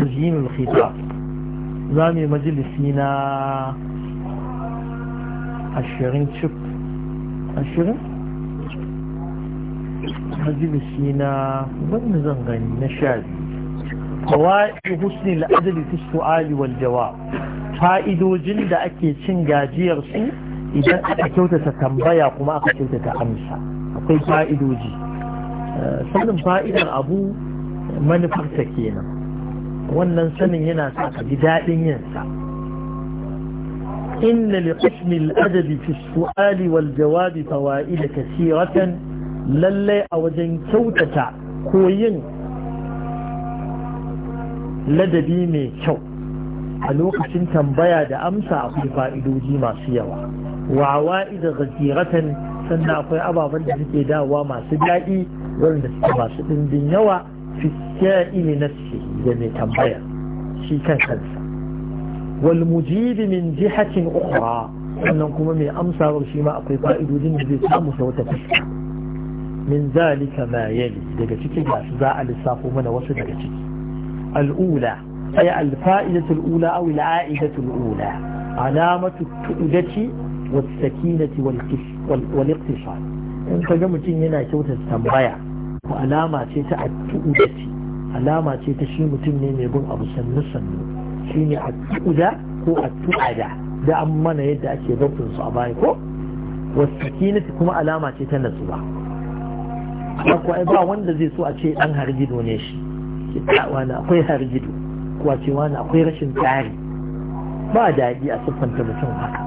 تزيين الخطاب زامي مجلسينا عشرين شب عشرين مجلسينا من زنغني نشاد فوائد حسن الأدل في السؤال والجواب fa'idojin da ake cin gajiyarsu idan aka kyautata tambaya kuma aka kyautata amsa akwai fa'idodi sannan fa'idar abu manufarta kenan wannan sanin yana sa ka daɗin yin sa inna li qismi al-adabi fi su'ali wal jawabi fawaid kaseeratan lalle a wajen kyautata ko yin ladabi mai kyau a lokacin tambaya da amsa akwai fa'idoji masu yawa wawa da gajiratan sannan akwai ababen da suke dawa masu daɗi wanda suke masu ɗimbin yawa في السائل نفسه يعني تنبيا في خلفه والمجيب من جهة أخرى أنكم من أمسى وشيما قطائد دين بيتام سوتفسك من ذلك ما يلي دقتك الأفزاء لصاف من وصدقتك الأولى أي الفائدة الأولى أو العائدة الأولى علامة التؤدة والسكينة والاقتصاد انت جمتين هنا كوتا تنبيا ko alama ce ta addu'udati alama ce ta shi mutum ne mai bin abu sannu sannu shine da ko addu'a da da an mana yadda ake babin su a baya ko wasu kuma alama ce ta natsuwa akwai ba wanda zai so a ce dan hargido ne shi wani akwai hargido ko a ce wani akwai rashin tsari ba daɗi a siffanta mutum haka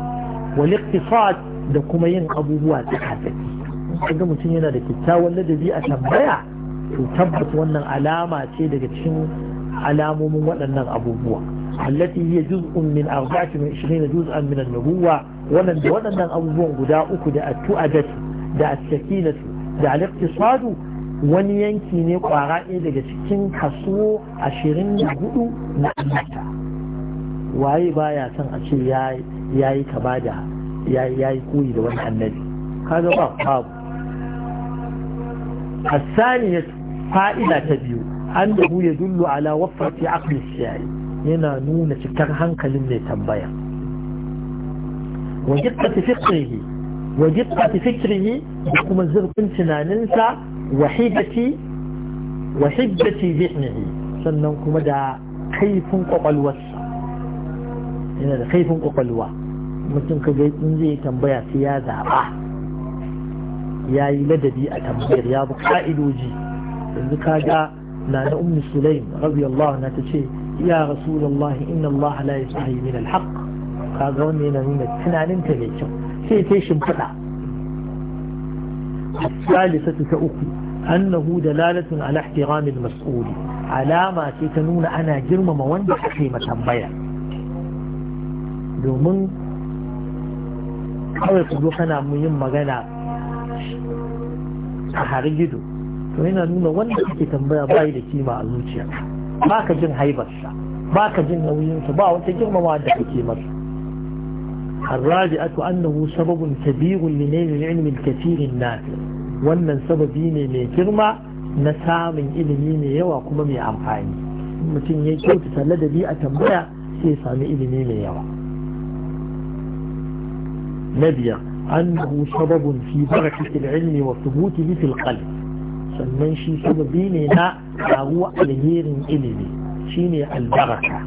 wal iqtisad da kuma yin abubuwa tsakatsaki ga mutum yana da kyakkyawan ladabi a tambaya to tabbas wannan alama ce daga cikin alamomin waɗannan abubuwa allati hiya juz'un min arba'ati min 20 juz'an min an-nubuwa wannan da waɗannan abubuwan guda uku da at-tu'adat da as-sakinatu da al-iqtisadu wani yanki ne kwara ɗaya daga cikin kaso hudu na annabta waye baya son a ce yayi kaba da yayi koyi da wani annabi ka kaga ba babu الثانية فائدة تبيو أنه يدل على وفرة عقل الشاعر yana nuna cikar hankalin mai tambaya wajittati fikrihi wajittati fikrihi da kuma zurfin tunaninsa wahidati wahiddati zihnihi sannan kuma da kaifin kwakwalwarsa kwakwalwa mutum ka ga in zai tambaya sai ya ya yi ladabi a tambayar ya bi ka'idoji yanzu ga na na ummu sulaim radiyallahu na ta ce ya rasulullah inna allah la yastahi min alhaq kaga wannan yana nuna tunanin ta mai kyau sai ta shimfiɗa الثالثة تأكل أنه دلالة على احترام المسؤول alama ce ta nuna ana girmama wanda ake tambaya domin kawai ku zo kana mu yin magana a har gido to yana nuna wanda kake tambaya bayi da kima a zuciya ba ka jin haibarsa ba ka jin nauyinsa ba wata girmama da kake masa الرابعة أنه سبب كبير لنيل العلم الكثير النافع wannan sababi ne mai girma na samun ilimi mai yawa kuma mai amfani mutum ya kyautata ladabi a tambaya sai sami ilimi mai yawa na biyar أنه سبب في بركة العلم وثبوته في القلب sannan shi sababi ne na karuwa alherin ilimi shine albaraka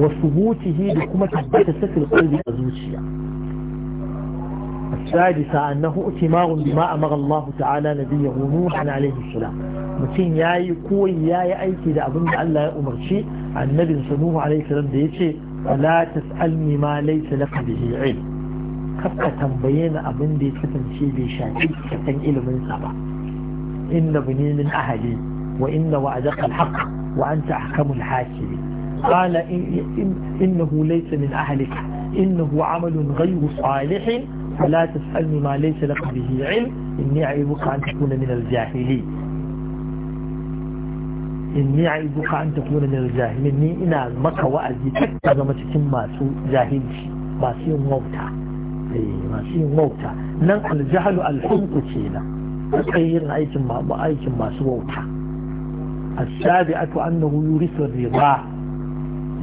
wasu thubutihi da kuma tabbata sakin qalbi a zuciya السادسة أنه اتماع taala أمر الله تعالى نبيه نوحا عليه السلام mutum ya yi koyi ya yi aiki da abin da Allah ya umarci annabin sanuhu alaihi salam da ya ce la tas'alni ma laysa laka bihi ilm ka tambaye ni abin da ya kasance bai shafi kasan ilimin sa ba inna bani min ahali wa inna wa'adaka al-haq wa anta ahkamul hakimin قال إنه ليس min أهلك إنه عمل غير صالح فلا تسألني ما ليس لك به علم إني أعيبك أن تكون من الجاهلين inni ya ibu ka an ta kuna min jahilin ni ina maka wa'azi ta zama cikin masu masu yin wauta yin wauta nan aljahalu alhunku kenan matsayin aikin aikin masu wauta atu أنه يورث الرضا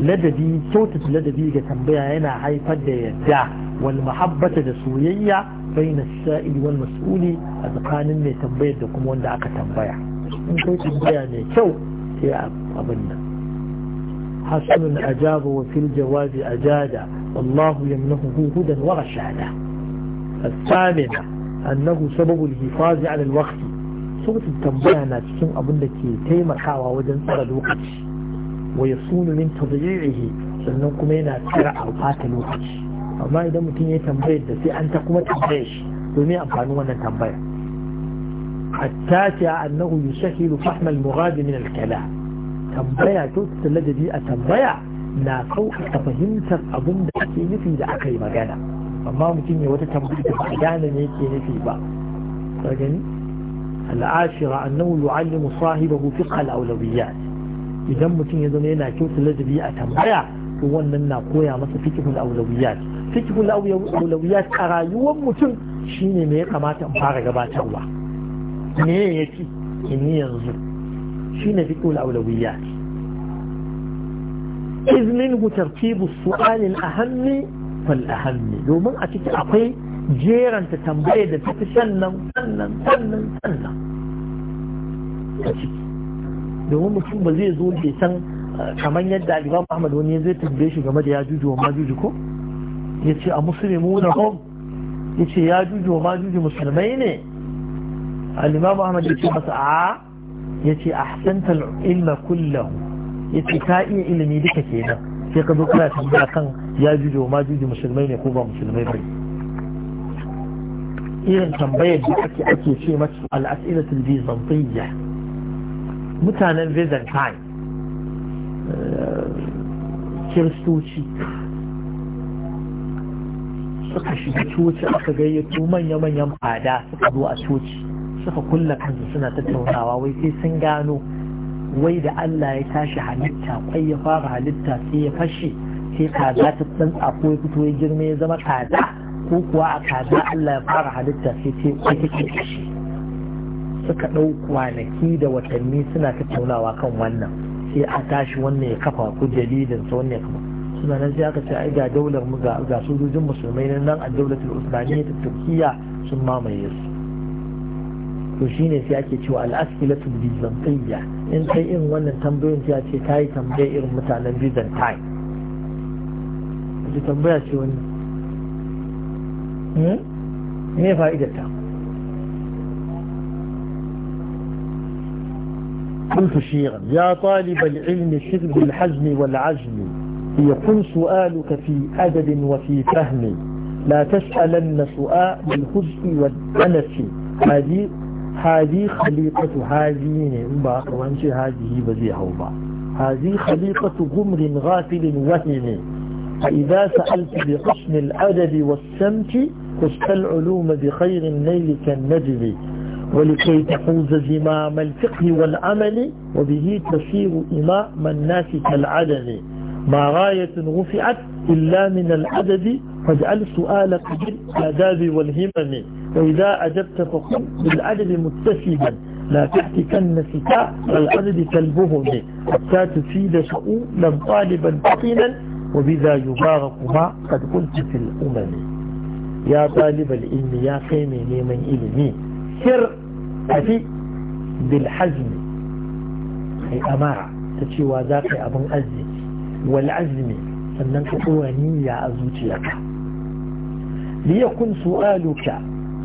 ladabi kyautata ladabi ga tambaya yana haifar da yadda wal mahabbata da soyayya baina sa'il wal mas'uli a tsakanin mai tambayar da kuma wanda aka tambaya in kai tambaya mai kyau sai abin nan hasanun ajaba wa fil jawabi ajada والله يمنحه هدى ورشادا الثامنة أنه سبب الحفاظ على الوقت سورة التنبيه أنا تكون أبن لك تيمر حاوى وجن صار الوقت ويصون من تضييعه سننكم هنا ترى أوقات الوقت أما إذا ممكن يتنبيه ده أنت قمت تنبيش دوني أبانو أن تنبيه التاسع أنه يسهل فهم المغاد من الكلام تنبيع توت الذي بيئة تنبيع na sauƙaƙa fahimtar abin da ake nufi da aka yi magana amma mutum ya wata tambayi da ba gane ne yake nufi ba ka gani al'ashira annahu yu'allimu sahibahu fiqh al-awlawiyyat idan mutum ya zama yana kyautar ladabi a tambaya to wannan na koya masa fiqhul awlawiyyat fiqhul awlawiyyat a rayuwar mutum shine me ya kamata in fara gabatarwa me yake ni yanzu shine fiqhul awlawiyyat iz minhu tartibu su'alin ahammi fal ahammi domin a ciki akwai jeranta tambaye da tafi sannan sannan sannan sannan a ciki domin mutum ba zai zo bai san kamar yadda alibar muhammad wani zai tambaye shi game da ya juju wa majuju ko ya ce a musulmi na hom ya wa musulmai ne muhammad ya a ilma ce ta iya ilimi duka kenan sai ka zo kana tambaya kan ya juju ma juju musulmai ne ko ba musulmai bai irin tambayar da ake ake ce mata al-as'ilatul bizantiyya mutanen Byzantine eh, kiristoci suka shiga coci aka gayyato manya-manyan fada suka zo a coci suka kulla kansu suna tattaunawa wai sai sun gano wai da Allah ya tashi halitta kwai ya fara halitta sai ya fashe sai kaza ta tsantsa ko ya fito ya girma ya zama kaza ko kuwa a kaza Allah ya fara halitta sai sai kwai take kashe suka ɗau kwanaki da watanni suna tattaunawa kan wannan sai a tashi wannan ya kafa ku dalilin sa wannan ya kafa suna nan sai aka ce ai ga daular mu ga sojojin musulmai nan a daular usmaniyya ta turkiya sun mamaye su to shine sai ake cewa al'asilatu bizantiyya in sai irin wannan tambayoyin sai ce ta yi tambaya irin mutanen byzantine wace tambaya ce wani me fa'idar ta قلت شيئا يا طالب العلم شر بالحزم والعزم يكن سؤالك في أدب وفي فهم لا تسألن سؤال الهزء والدنس هذه هذه خليقة هذه نعم، با وانش هذه بزي حوبا هذه خليقة غمر غافل وهم فإذا سألت بحسن الأدب والسمت كشت العلوم بخير النيل كالنجم ولكي تحوز زمام الفقه والعمل وبه تسير إمام الناس كالعدم ما غاية رفعت إلا من العدد فاجعل سؤالك بالآداب والهمم فإذا أجبت فقل بالعدد متسبا لا تحتكن ستاء والعدد كالبهم حتى تفيد شؤونا طالبا بطنا وبذا يبارك ما قد قلت في الأمم يا طالب العلم يا قيمي من علمي سر أفي بالحزم أي أمارة تشيوى ذاك أبن أزي والعزم سننك نية أزوتيك ليكن سؤالك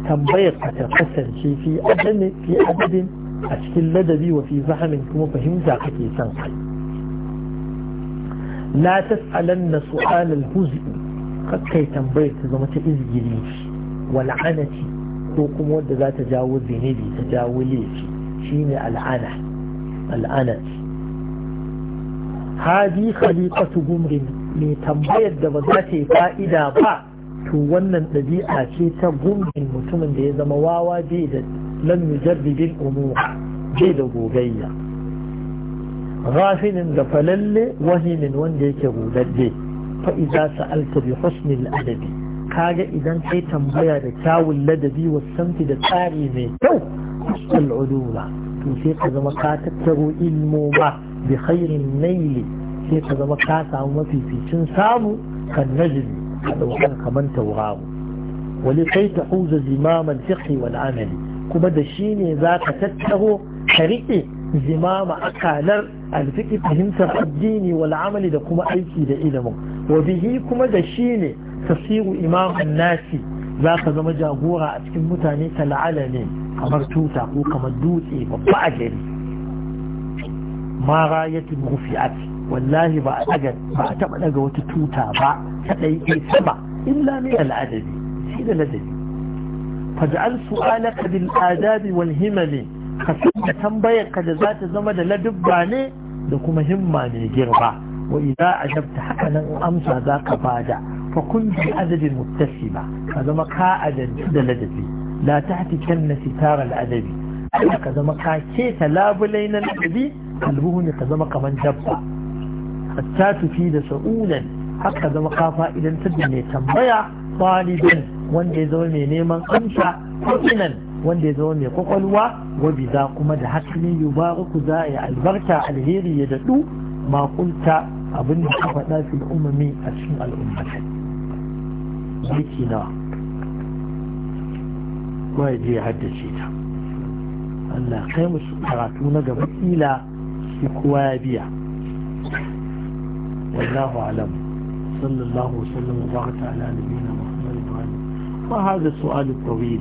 tambayar ka ta kasance fi fi adadin a cikin ladabi wa fi zahamin kuma fahimta kake son kai la tas'alanna su'al al-huz'i kai tambayar ta zama ta izgili wal'anati ko kuma wadda za ta jawo zinibi ta jawo laifi shine al'ana al'anati hadi khaliqatu gumrin mai tambayar da ba za ta yi fa'ida ba to wannan ɗabi'a ce ta gungun mutumin da ya zama wawa bai da lam yujarribin umuwa bai da gogayya ghafilin da falalle wahinin wanda yake rudadde fa idza sa'alta bi husnil adabi kaga idan kai tambaya da kyawun ladabi wa samti da tsari mai kyau al udula to sai ka zama ka tattaro ilmo ba bi khairin naili sai ka zama ka samu mafificin sabu kan najmi ɗaukar kamar tauraro wani kai ta huza zimaman fiqhi wal amali kuma da shi ne za ka tattaro ka riƙe zimama akalar alfiƙi fahimtar addini wal amali da kuma aiki da ilimin wa bihi kuma da shi ne tasiru imaman nasi za ka zama jagora a cikin mutane kal'ala ne kamar tuta ko kamar dutse babba a gari ma rayatin rufi'ati wallahi ba a daga ba a taba daga wata tuta ba ta dai sama illa min al'adabi shi da ladabi faj'al su'alaka bil adabi wal himami ka sanya tambayar da za ta zama da ladubba ne da kuma himma mai girma wa idza ajabta haka nan amsa za ka bada fa kun bi adadin muttasiba ka zama ka adadi da ladabi la na sitar al adabi ka zama ka keta labulai na ladabi kalbuhu ne ka zama kamar dabba hatta tufi da sa'ulan haka zama kafa idan ta mai tambaya ɗaliban wanda ya zama mai neman amsa hakinan wanda ya zama mai kwakwalwa wa biza kuma da hakini yubaraku za a yi albarka alheri ya daɗu makunta abin da ka faɗa fil umami a cikin al'ummatai yake ya haddace ta Allah kai musu karatu na gaba kila sai kowa ya biya والله أعلم صلى الله وسلم وبارك على نبينا محمد وعلى وهذا السؤال الطويل